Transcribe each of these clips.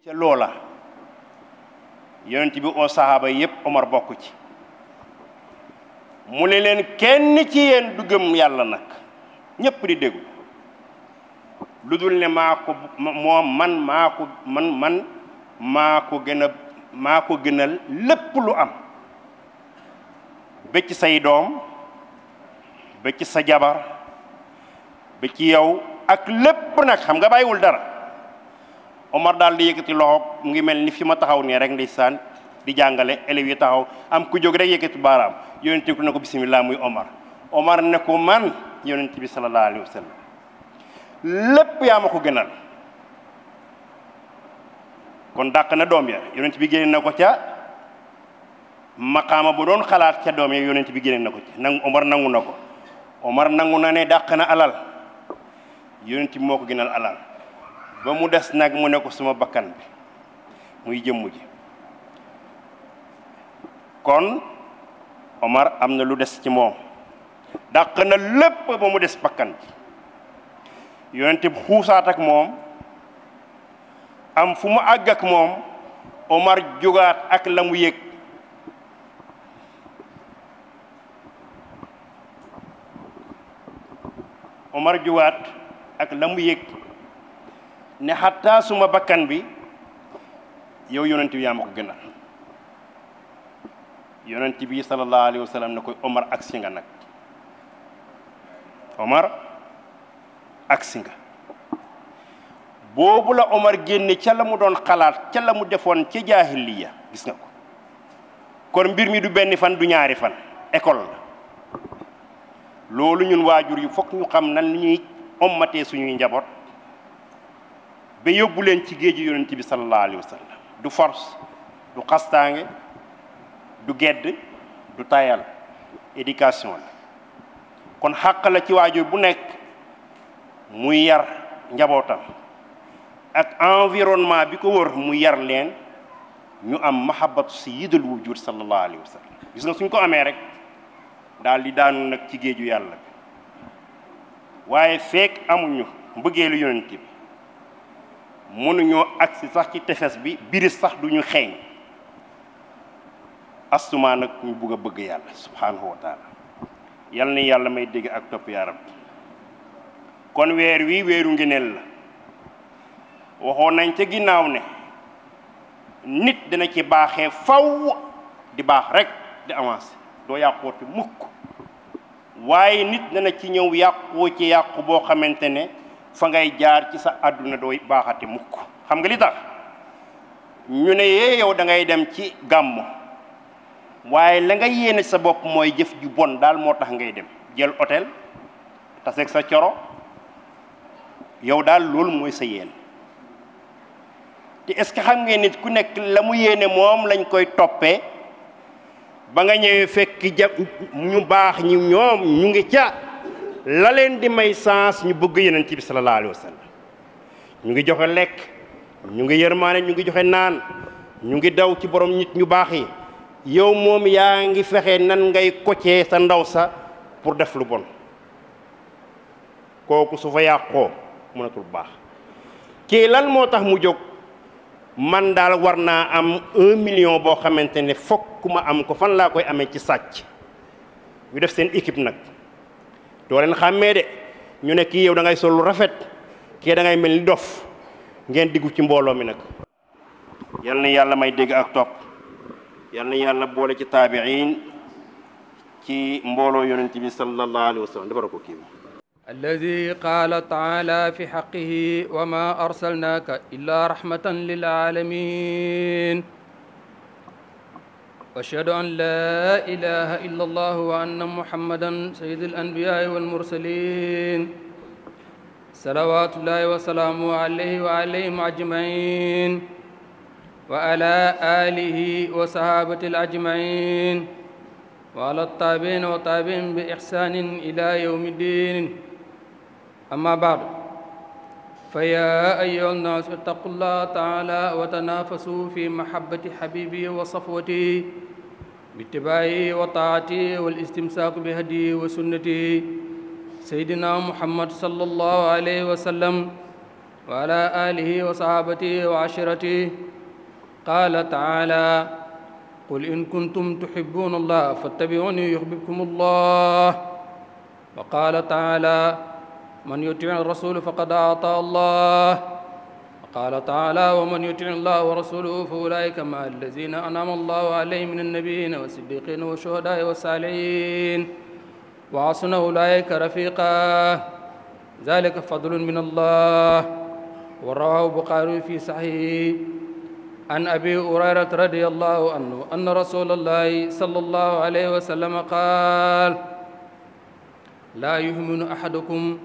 ca loola yonent bi oo sahaaba yépp Omar bokk ci mu ne leen kenn ci yéen du yàlla nag ñépp di déglu lu dul ne maa ko moom man maa ko man man maa ko gën maa ko gënal lépp lu am ba say doom ba sa jabar ba yow ak lépp nag xam nga bàyyiwul dara Omar daal di yëkkati loxo ngi mel ni fi ma taxaw nii rek ndeysaan di jàngale élèves yi taxaw am ku jóg rek yëkkati baaraam yonent bi na ko bisimilah muy Omar Omar ne ko man yonent bi sallallahu alayhi wa sallam ko gënal kon dàq na doom ya yonent bi génne na ko ca maqaama bu doon xalaat ca doom ya yonent bi génne na ko ca nangu Omar nangu na ko Omar nangu na ne dàq na alal yonent bi moo ko gënal alal. ba mu des nag mu ne ko suma bakkan bi muy jëmm ji kon Omar am na lu des ci moom daq na lépp ba mu des bakkan bi yonente bi xuusaat ak moom am fu mu àgg ak moom Omar jógaat ak la mu yëg Omar jógaat ak la mu yëg ne xattaa bakkan bi yow yonent bi yaa ma ko gënal yonent bi sallallahu alayhi wa sallam ne koy Omar agsi nga nag Omar agsi nga boobu la Omar génne ca la mu doon xalaat ca la mu defoon ca jaahiliya gis nga ko kon mbir mi du benn fan du ñaari fan école la loolu ñun waajur yi foog ñu xam nan ñuy ommatee suñuy njaboot ba yóbbu leen ci géeju yonent bi sallallahu alayhi wa sallam du force du xastaange du gedd du tayal éducation la kon xàq la ci waajur bu nekk muy yar njabootam ak environnement bi ko wër mu yar leen ñu am mahabbatu sayyidul wujud sallallahu alayhi wa sallam gis nga suñ ko amee rek daal di daanu nag ci géeju yàlla bi waaye fekk amuñu mbëggeelu yonent bi mënuñoo agsi sax ci tefes bi biris sax duñu xeeñ astumaa nag ñu bugg a bëgg yàlla subhaanahu wa yal na yàlla may dégg ak topp yaaram kon weer wi weeru ngëneel la waxoon nañ ca ginnaaw ne nit dina ci baaxee faw di baax rekk di avancé doo yàqooti mukk waaye nit dana ci ñëw yàqoo ci yàqu boo xamante ne fa ngay jaar ci sa àdduna doo baaxati mukk xam nga li tax ñu ne yee yow da ngay dem ci gàmmu waaye la nga yéene sa bopp mooy jëf ju bon daal moo tax ngay dem jël hôtel taseeg sa coro yow daal loolu mooy sa yéen te est-ce que xam ngeen nit ku nekk la mu yéene moom lañ koy toppee ba nga ñëwee fekk ja ñu baax ñi ñu ngi ca la leen di may sens ñu bëgg yeneen ci bi sallallahu alayhi wa sallam ñu ngi joxe lekk ñu ngi yërmaane ñu ngi joxe naan ñu ngi daw ci borom nit ñu baax yi yow moom yaa ngi fexe nan ngay kocce sa ndaw sa pour def lu bon kooku su fa yàqoo mënatul baax kii lan moo tax mu jóg man daal war naa am un million boo xamante ne fokk ma am ko fan laa koy amee ci sàcc ñu def seen équipe nag doo leen xàmmee de ñu ne kii yow da ngay sol lu rafet kii da ngay mel ni dof ngeen diggu ci mbooloo mi nag yal na yàlla may dégg ak topp yal na yàlla boole ci taabiin ci mbooloo yonent bi sallallahu alayhi wa sallam defara ko kii alladi qaala taala fi xaqihi wa ma arsalnaaka illa rahmatan lil alamin واشهد ان لا اله الا الله وان محمدا سيد الانبياء والمرسلين صلوات الله وسلامه عليه وعليهم اجمعين وعلى اله وصحابته الاجمعين وعلى التابعين وتابعهم باحسان الى يوم الدين اما بعد فيا أيها الناس اتقوا الله تعالى وتنافسوا في محبة حبيبه وصفوته باتباعي وطاعتي والاستمساك بهدي وسنتي سيدنا محمد صلى الله عليه وسلم وعلى آله وصحابته وعشرته قال تعالى قل إن كنتم تحبون الله فاتبعوني يحببكم الله وقال تعالى من يطيع الرسول فقد أعطى الله قال تعالى ومن يطع الله ورسوله فاولئك مع الذين انعم الله عليهم من النبيين والصديقين والشهداء والصالحين وحسن اولئك رفيقا ذلك فضل من الله ورواه البخاري في صحيحه عن ابي هريره رضي الله عنه ان رسول الله صلى الله عليه وسلم قال لا يؤمن احدكم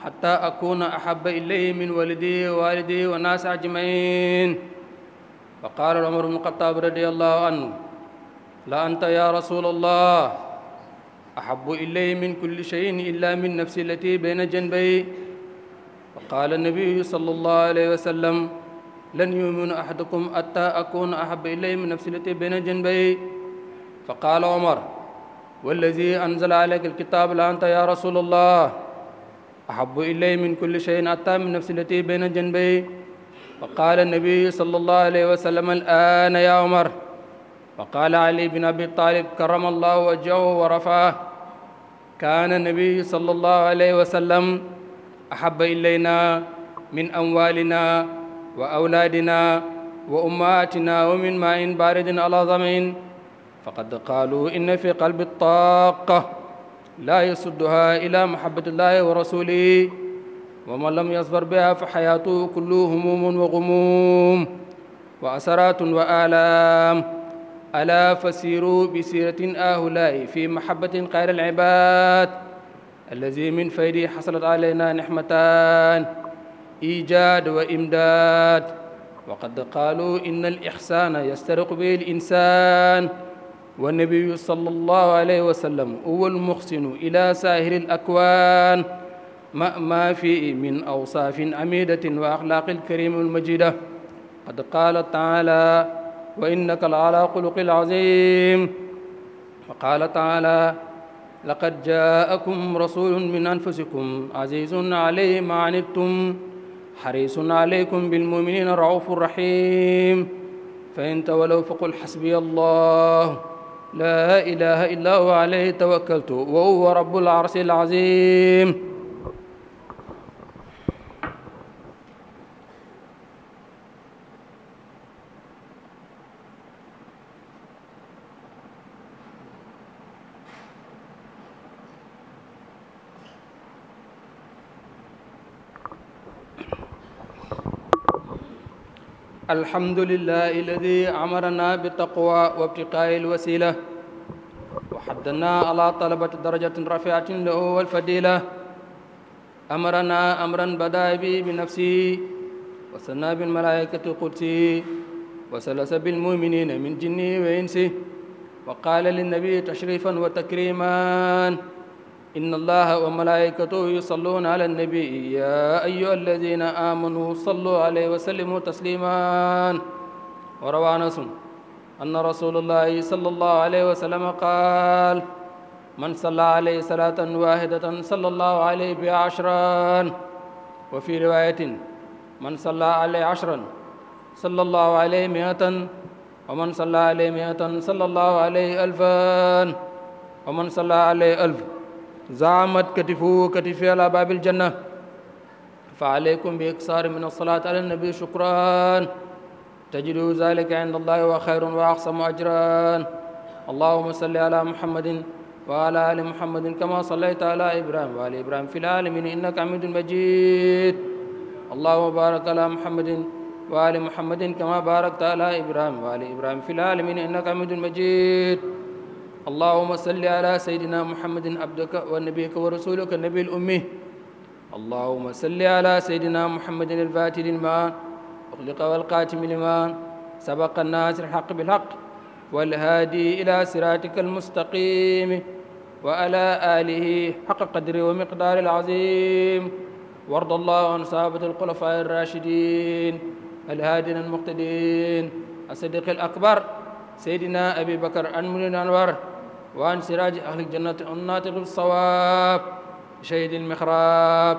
حتى أكون أحب إليه من والدي ووالدي والناس أجمعين فقال عمر بن الخطاب رضي الله عنه لا أنت يا رسول الله أحب إلي من كل شيء إلا من نفسي التي بين جنبي فقال النبي صلى الله عليه وسلم لن يؤمن أحدكم حتى أكون أحب إلي من نفسي التي بين جنبي فقال عمر والذي أنزل عليك الكتاب لا أنت يا رسول الله ahabu ilay min kulli cheyin atta min nafsi lati bayna janbay wa qaala nabiyu sal allahu alayhi wa sallam al ana ya omar wa qaala ali bin abi talib karama allahu wajhahu wa rafaa kaana nabiyu sal allahu alayhi wa sallam ahaba ilayna min amwalina wa awlaadina wa ummahatina wa min ma in baridin ala zamin faqad qaalu inna fi qalbi taaqa لا يسدها إلا محبة الله ورسوله ومن لم يصبر بها فحياته كله هموم وغموم وأسرات وآلام ألا فسيروا بسيرة آهلاء في محبة خير العباد الذي من فيده حصلت علينا نحمتان إيجاد وإمداد وقد قالوا إن الإحسان يسترق به الإنسان والنبي صلى الله عليه وسلم هو المحسن إلى سائر الأكوان ما ما فيه من أوصاف عميدة وأخلاق الكريم المجيدة قد قال تعالى وإنك لعلى خلق العظيم وقال تعالى لقد جاءكم رسول من أنفسكم عزيز عليه ما عنتم حريص عليكم بالمؤمنين رؤوف رحيم فإن تولوا فقل حسبي الله laa ilaha illaa huwa alayhi tawakkaltu wa huwa rabbul arshil azim الحمد لله الذي أمرنا بالتقوى وابتقاء الوسيلة وحدنا على طلبة درجة رفيعة له والفضيلة أمرنا أمرا بدا بي بنفسي وسنى بالملائكة قدسي وسلس بالمؤمنين من جني وإنسي وقال للنبي تشريفا وتكريما إن الله وملائكته يصلون على النبي يا أيها الذين آمنوا صلوا عليه وسلموا تسليما وروى أنس أن رسول الله صلى الله عليه وسلم قال من صلى عليه صلاة واحدة صلى الله عليه بها عشرا وفي رواية من صلى عليه عشرا صلى الله عليه مئة ومن صلى عليه مئة صلى الله عليه ألفا ومن صلى عليه ألف zaamat katifu katifi ala baabil janna fa aleykum bi iksaar min alsalaat ala nabi shukran tajidu zalika ind allahi wa xayrun wa axsamu ajran allahuma salli ala muhammadin wa ala ali muhammadin kama sallayta ala ibrahim wa ali ibrahim fi lalamin innaka hamidun majid allahuma barik ala muhammadin wa ali muhammadin kama barakta ala ibrahim wa ali ibrahim fi lalamin innaka hamidun majid اللهم صل على سيدنا محمد عبدك ونبيك ورسولك النبي الأمي اللهم صل على سيدنا محمد الفاتح للمان أغلق والقاتم للمان سبق الناس الحق بالحق والهادي إلى صراطك المستقيم وعلى آله حق قدره ومقدار العظيم وارض الله عن صحابة الخلفاء الراشدين الهادين المقتدين الصديق الأكبر سيدنا أبي بكر أنمل الأنوار wa an siraaji ahli jannati an naatiqi sawaab shahidi lmixraab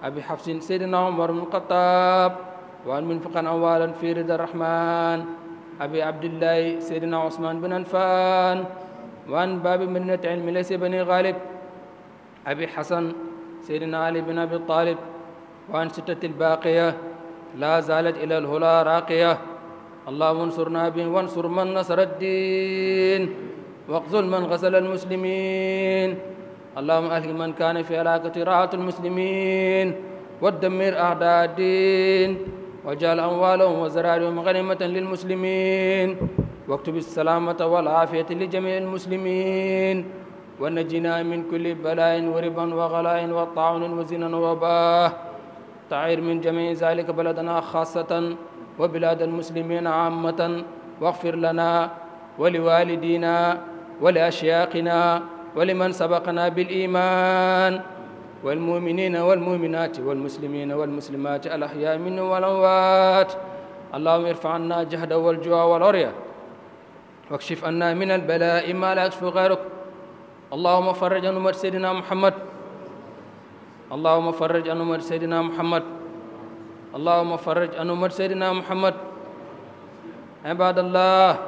abi xafsin seydina umar bnu lxataab wa an munfiqan awaalan fi rida rahman abi abdillahi seydina usman bin anfaan wa an baabi madinati ilmi laysa bani gaalib abi xasan seydina ali bin abi talib wa an sittati lbaaqiya laa zaalat ila alhulaa raaqiya allahuma ansurna bi wansur man nasara ddin واقتل من غسل المسلمين اللهم أهل من كان في علاقة راحة المسلمين ودمر أعداء الدين واجعل أموالهم وزرارهم غنيمة للمسلمين واكتب السلامة والعافية لجميع المسلمين ونجنا من كل بلاء وربا وغلاء وطاعون وزنا وباه تعير من جميع ذلك بلدنا خاصة وبلاد المسلمين عامة واغفر لنا ولوالدينا ولأشياخنا ولمن سبقنا بالإيمان والمؤمنين والمؤمنات والمسلمين والمسلمات الأحياء منهم والأموات اللهم ارفع عنا الجهد والجوع والعرية واكشف عنا من البلاء ما لا يكشف غيرك اللهم فرج عن أمة سيدنا محمد اللهم فرج عن أمة سيدنا محمد اللهم فرج عن أمة سيدنا محمد عباد الله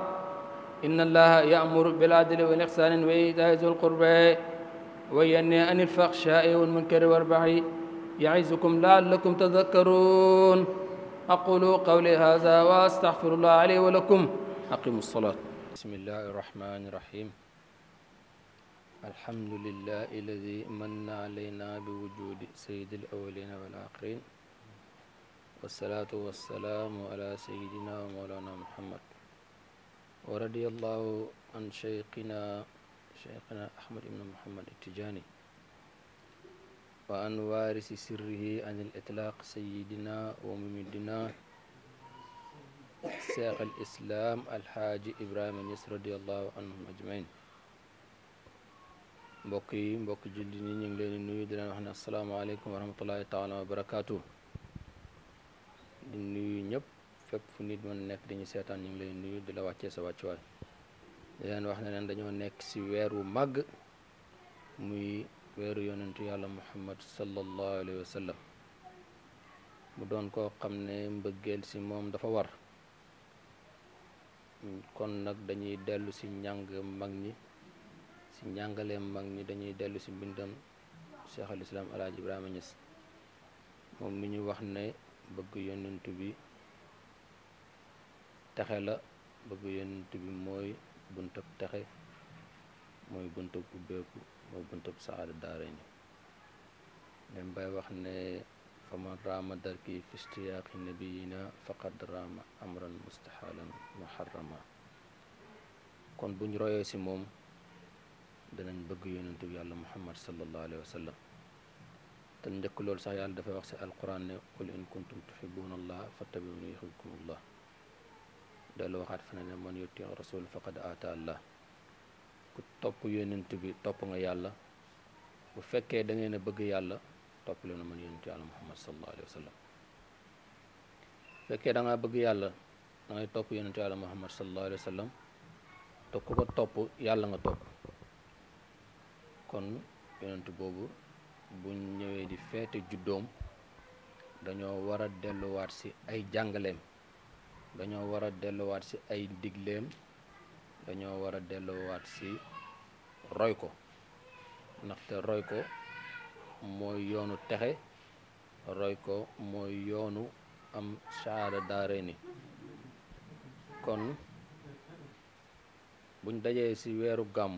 إن الله يأمر بالعدل والإحسان وإيتاء ذي القربى وينهى عن الفحشاء والمنكر والبغي يعظكم لعلكم تذكرون أقول قولي هذا وأستغفر الله علي ولكم أقيموا الصلاة بسم الله الرحمن الرحيم الحمد لله الذي من علينا بوجود سيد الأولين والآخرين والصلاة والسلام على سيدنا ومولانا محمد wa radiyallahu an cheikhina cheikhina ahmad ibnu muhammad tijaani wa an waarisi sirrihi an al itlaaq sayidina wa mumidina cheikh al islaam alxaaji ibrahima ñas radiyallahu anhum ajmain mbokk yi mbokk julli ni ñu ngi leen di nuyu di leen wax ne asalaamaaleykum wa rahmatullahi taala wa barakaatu di nuyu ñëpp fépp fu nit mën nekk dañuy seetaan ñu ngi lay nuyu di la wàccee sa wàccuwaay di leen wax na leen dañoo nekk ci weer wu màgg muy weeru yonentu yàlla muhammad sallallahu alayhi wa sallam mu doon koo xam ne mbëggeel ci moom dafa war kon nag dañuy dellu ci njàng mag ñi ci njàngaleem mag ñi dañuy dellu ci mbindam cheikh al islam alaaji moom mi ñu wax ne bëgg yonentu bi texe la bëgg yonent mooy buntab texe mooy buntab ubbeeku mooy buntab saada daara ni dem bay wax ne faman raama darki fi istiyaaqi nabiyina faqad raama amran mustahalan muharrama kon buñ royee ci moom danañ bëgg yonent bi yàlla muhammad sallallahu alayhi wa sallam te njëkk loolu sax yàlla dafay wax ci alquran ne qul in kuntum tuhibbuna allah fattabiuni yuhibbukum allah dellu waxaat fi ne man yuti rasul faqad ata ku topp yonent bi topp nga yàlla bu fekkee da ngeen bëgg yàlla topp leen man yonent yàlla muhammad sallallahu alayhi wa sallam bëgg yàlla da ngay topp yonent yàlla muhammad sallallahu alayhi wa sallam te ku ko topp yàlla nga topp kon yonent boobu bu ñëwee di feete juddoom dañoo war a delluwaat si ay jàngaleem dañoo war a delluwaat ci ay digleem dañoo war a delluwaat ci roy ko ndaxte roy ko mooy yoonu texe roy ko mooy yoonu am saada daare ni kon buñ dajee ci weeru gàmm